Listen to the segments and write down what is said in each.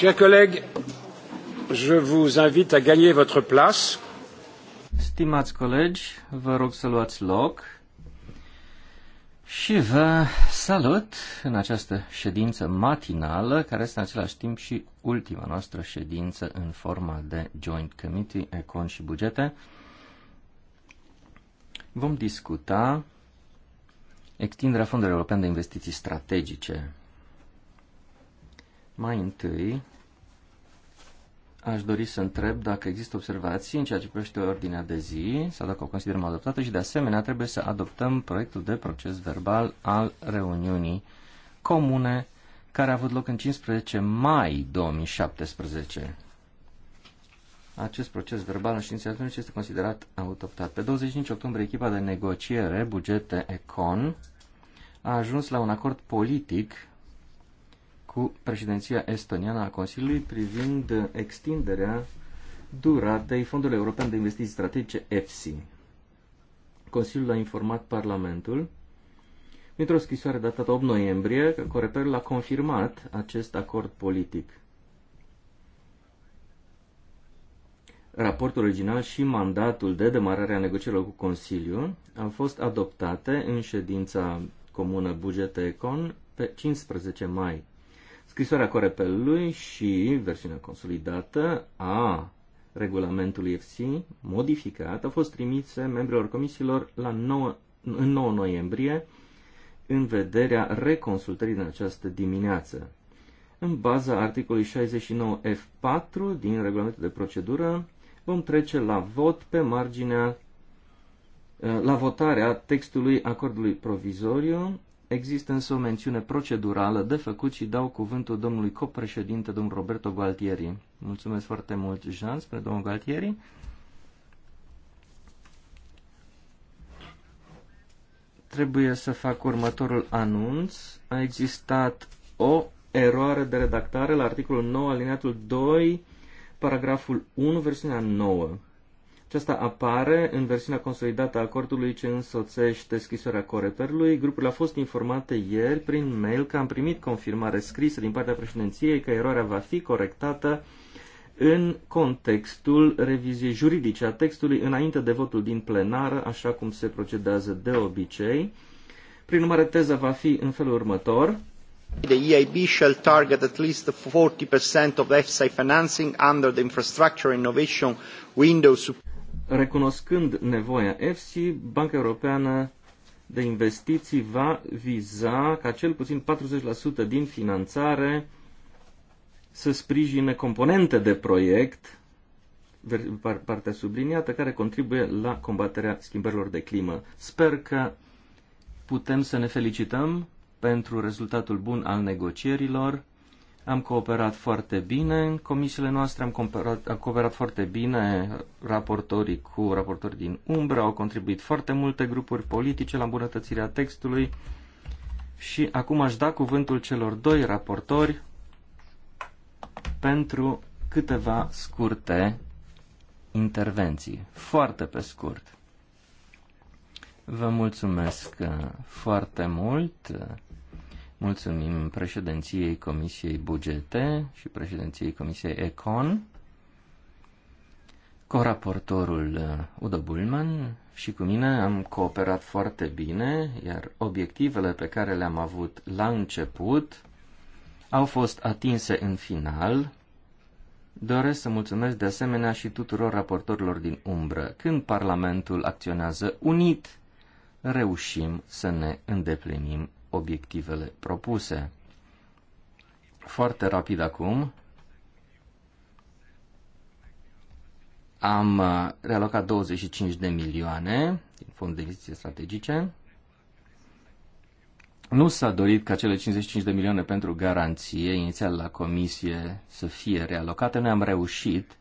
Chers collègues, je vous invite à gagner votre place. Stimați colegi, vă rog să luați loc și vă salut în această ședință matinală, care este în același timp și ultima noastră ședință în forma de Joint Committee Econ și Bugete. Vom discuta extinderea Fondului European de Investiții Strategice mai întâi, aș dori să întreb dacă există observații în ceea ce privește ordinea de zi sau dacă o considerăm adoptată și, de asemenea, trebuie să adoptăm proiectul de proces verbal al reuniunii comune care a avut loc în 15 mai 2017. Acest proces verbal în științe atunci este considerat adoptat. Pe 25 octombrie, echipa de negociere bugete Econ a ajuns la un acord politic cu președinția estoniană a Consiliului privind extinderea duratei Fondului European de Investiții Strategice EFSI. Consiliul a informat Parlamentul într o scrisoare datată 8 noiembrie că Coreperul a confirmat acest acord politic. Raportul original și mandatul de demarare a negocierilor cu Consiliul au fost adoptate în ședința comună Bugete Econ pe 15 mai. Scrisoarea Corepelului și versiunea consolidată a regulamentului FC modificat a fost trimise membrilor comisiilor la 9, în 9 noiembrie în vederea reconsultării din această dimineață. În baza articolului 69F4 din regulamentul de procedură, vom trece la vot pe marginea la votarea textului acordului provizoriu Există însă o mențiune procedurală de făcut și dau cuvântul domnului copreședinte, domnul Roberto Gualtieri. Mulțumesc foarte mult, Jean, spre domnul Gualtieri. Trebuie să fac următorul anunț. A existat o eroare de redactare la articolul 9, alineatul 2, paragraful 1, versiunea 9. Aceasta apare în versiunea consolidată a acordului ce însoțește scrisoarea Coreperului. Grupul a fost informate ieri prin mail că am primit confirmare scrisă din partea președinției că eroarea va fi corectată în contextul reviziei juridice a textului înainte de votul din plenară, așa cum se procedează de obicei. Prin urmare, teza va fi în felul următor. The EIB shall target at least 40% of FSI financing under the infrastructure innovation window Recunoscând nevoia EFSI, Banca Europeană de Investiții va viza ca cel puțin 40% din finanțare să sprijine componente de proiect, partea subliniată, care contribuie la combaterea schimbărilor de climă. Sper că putem să ne felicităm pentru rezultatul bun al negocierilor am cooperat foarte bine în comisiile noastre, am, cooperat, am cooperat foarte bine raportorii cu raportori din umbră, au contribuit foarte multe grupuri politice la îmbunătățirea textului și acum aș da cuvântul celor doi raportori pentru câteva scurte intervenții, foarte pe scurt. Vă mulțumesc foarte mult Mulțumim președinției Comisiei Bugete și președinției Comisiei Econ, coraportorul uh, Udo Bulman și cu mine am cooperat foarte bine, iar obiectivele pe care le-am avut la început au fost atinse în final. Doresc să mulțumesc de asemenea și tuturor raportorilor din umbră. Când Parlamentul acționează unit, reușim să ne îndeplinim obiectivele propuse. Foarte rapid acum, am uh, realocat 25 de milioane din fond de investiții strategice. Nu s-a dorit ca cele 55 de milioane pentru garanție inițial la comisie să fie realocate. Noi am reușit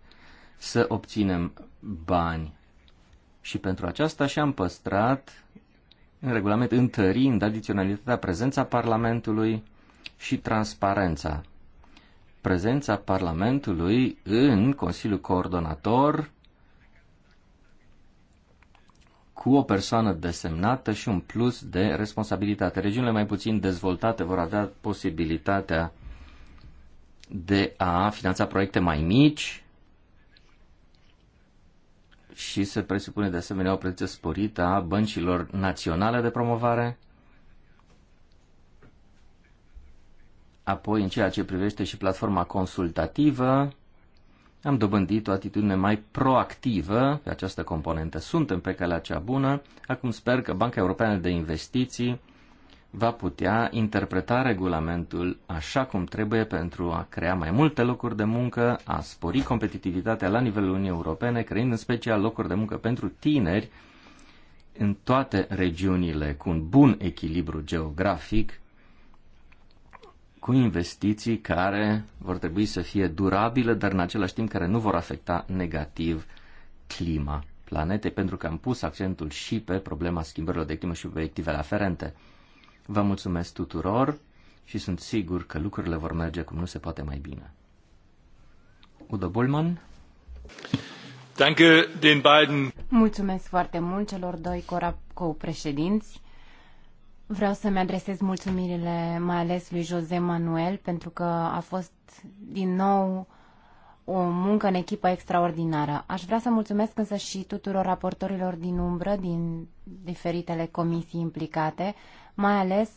să obținem bani și pentru aceasta și am păstrat în regulament întărind adiționalitatea prezența Parlamentului și transparența. Prezența Parlamentului în Consiliul Coordonator cu o persoană desemnată și un plus de responsabilitate. Regiunile mai puțin dezvoltate vor avea posibilitatea de a finanța proiecte mai mici și se presupune de asemenea o prezență sporită a băncilor naționale de promovare. Apoi, în ceea ce privește și platforma consultativă, am dobândit o atitudine mai proactivă pe această componentă. Suntem pe calea cea bună. Acum sper că Banca Europeană de Investiții va putea interpreta regulamentul așa cum trebuie pentru a crea mai multe locuri de muncă, a spori competitivitatea la nivelul Uniunii Europene, creând în special locuri de muncă pentru tineri în toate regiunile, cu un bun echilibru geografic, cu investiții care vor trebui să fie durabile, dar în același timp care nu vor afecta negativ clima planetei, pentru că am pus accentul și pe problema schimbărilor de climă și pe obiectivele aferente. Vă mulțumesc tuturor și sunt sigur că lucrurile vor merge cum nu se poate mai bine. Udo Bullman. Danke den beiden. Mulțumesc foarte mult celor doi co-președinți. Vreau să-mi adresez mulțumirile mai ales lui Jose Manuel pentru că a fost din nou o muncă în echipă extraordinară. Aș vrea să mulțumesc însă și tuturor raportorilor din umbră, din diferitele comisii implicate. Mai ales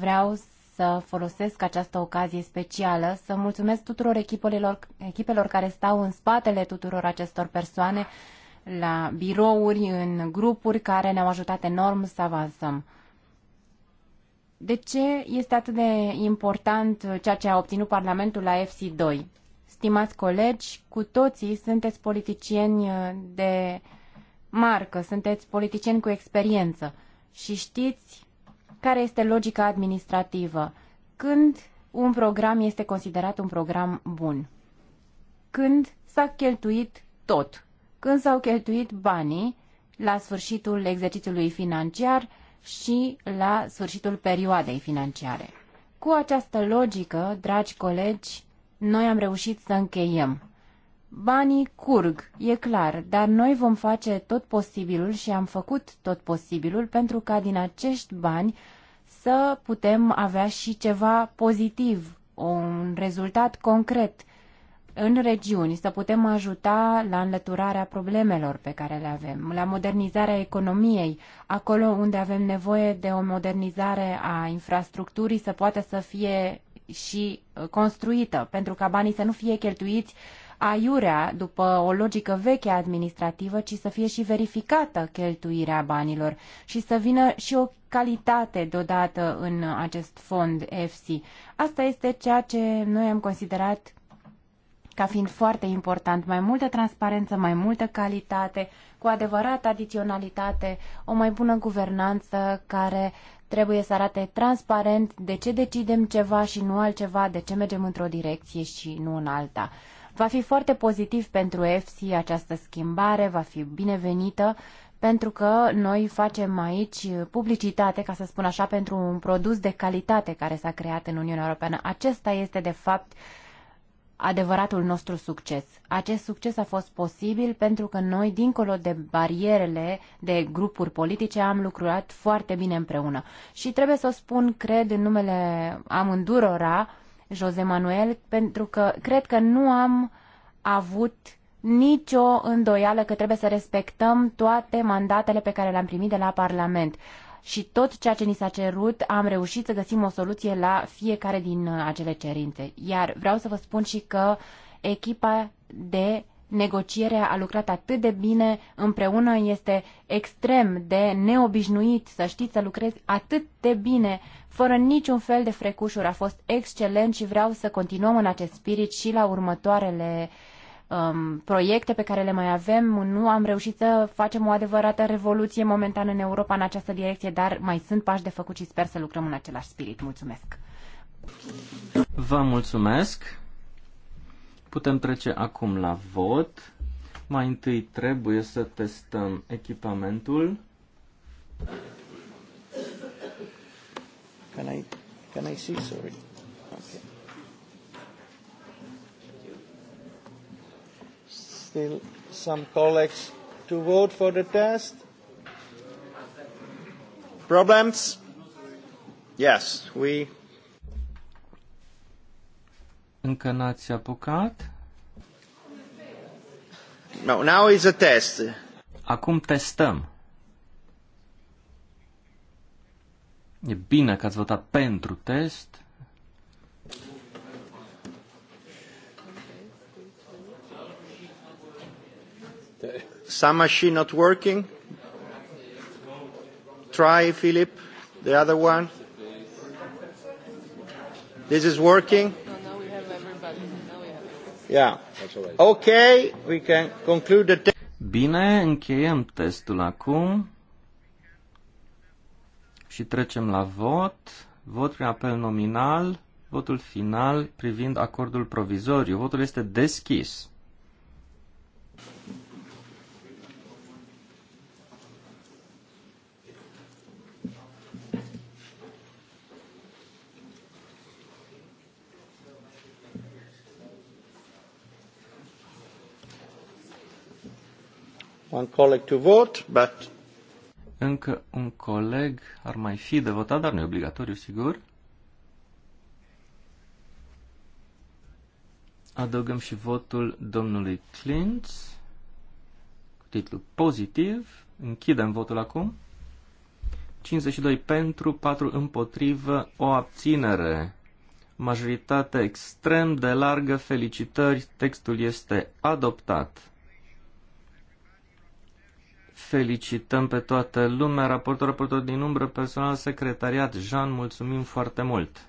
vreau să folosesc această ocazie specială, să mulțumesc tuturor echipelor, echipelor care stau în spatele tuturor acestor persoane, la birouri, în grupuri care ne-au ajutat enorm să avansăm. De ce este atât de important ceea ce a obținut Parlamentul la FC2? Stimați colegi, cu toții sunteți politicieni de marcă, sunteți politicieni cu experiență și știți care este logica administrativă. Când un program este considerat un program bun? Când s-a cheltuit tot? Când s-au cheltuit banii la sfârșitul exercițiului financiar și la sfârșitul perioadei financiare? Cu această logică, dragi colegi, noi am reușit să încheiem. Banii curg, e clar, dar noi vom face tot posibilul și am făcut tot posibilul pentru ca din acești bani să putem avea și ceva pozitiv, un rezultat concret în regiuni, să putem ajuta la înlăturarea problemelor pe care le avem, la modernizarea economiei, acolo unde avem nevoie de o modernizare a infrastructurii să poată să fie și uh, construită, pentru ca banii să nu fie cheltuiți uh, aiurea după o logică veche administrativă, ci să fie și verificată cheltuirea banilor și să vină și o calitate deodată în acest fond EFSI. Asta este ceea ce noi am considerat ca fiind foarte important, mai multă transparență, mai multă calitate, cu adevărat adiționalitate, o mai bună guvernanță care trebuie să arate transparent de ce decidem ceva și nu altceva, de ce mergem într-o direcție și nu în alta. Va fi foarte pozitiv pentru EFSI această schimbare, va fi binevenită, pentru că noi facem aici publicitate, ca să spun așa, pentru un produs de calitate care s-a creat în Uniunea Europeană. Acesta este, de fapt, adevăratul nostru succes. Acest succes a fost posibil pentru că noi, dincolo de barierele de grupuri politice, am lucrat foarte bine împreună. Și trebuie să o spun, cred, în numele amândurora, uh, Jose Manuel, pentru că cred că nu am avut nicio îndoială că trebuie să respectăm toate mandatele pe care le-am primit de la Parlament. Și tot ceea ce ni s-a cerut, am reușit să găsim o soluție la fiecare din uh, acele cerințe. Iar vreau să vă spun și că echipa de negocierea a lucrat atât de bine împreună, este extrem de neobișnuit să știți să lucrezi atât de bine, fără niciun fel de frecușuri. A fost excelent și vreau să continuăm în acest spirit și la următoarele um, proiecte pe care le mai avem. Nu am reușit să facem o adevărată revoluție momentan în Europa în această direcție, dar mai sunt pași de făcut și sper să lucrăm în același spirit. Mulțumesc! Vă mulțumesc! Putem trece acum la vot. Mai întâi trebuie să testăm echipamentul. Can I, can I see? Sorry. Okay. Still some colleagues to vote for the test. Problems? Yes, we încă n-ați apucat? No, now is a test. Acum testăm. E bine că ați votat pentru test. Some machine not working. Try, Philip, the other one. This is working. Yeah. we can conclude the test. Bine, încheiem testul acum și trecem la vot. Vot prin apel nominal, votul final privind acordul provizoriu. Votul este deschis. one colleague to vote, but... Încă un coleg ar mai fi de votat, dar nu e obligatoriu, sigur. Adăugăm și votul domnului Clint cu titlu pozitiv. Închidem votul acum. 52 pentru, 4 împotrivă, o abținere. Majoritate extrem de largă, felicitări, textul este adoptat felicităm pe toată lumea, raportor, raportor din umbră, personal, secretariat. Jean, mulțumim foarte mult!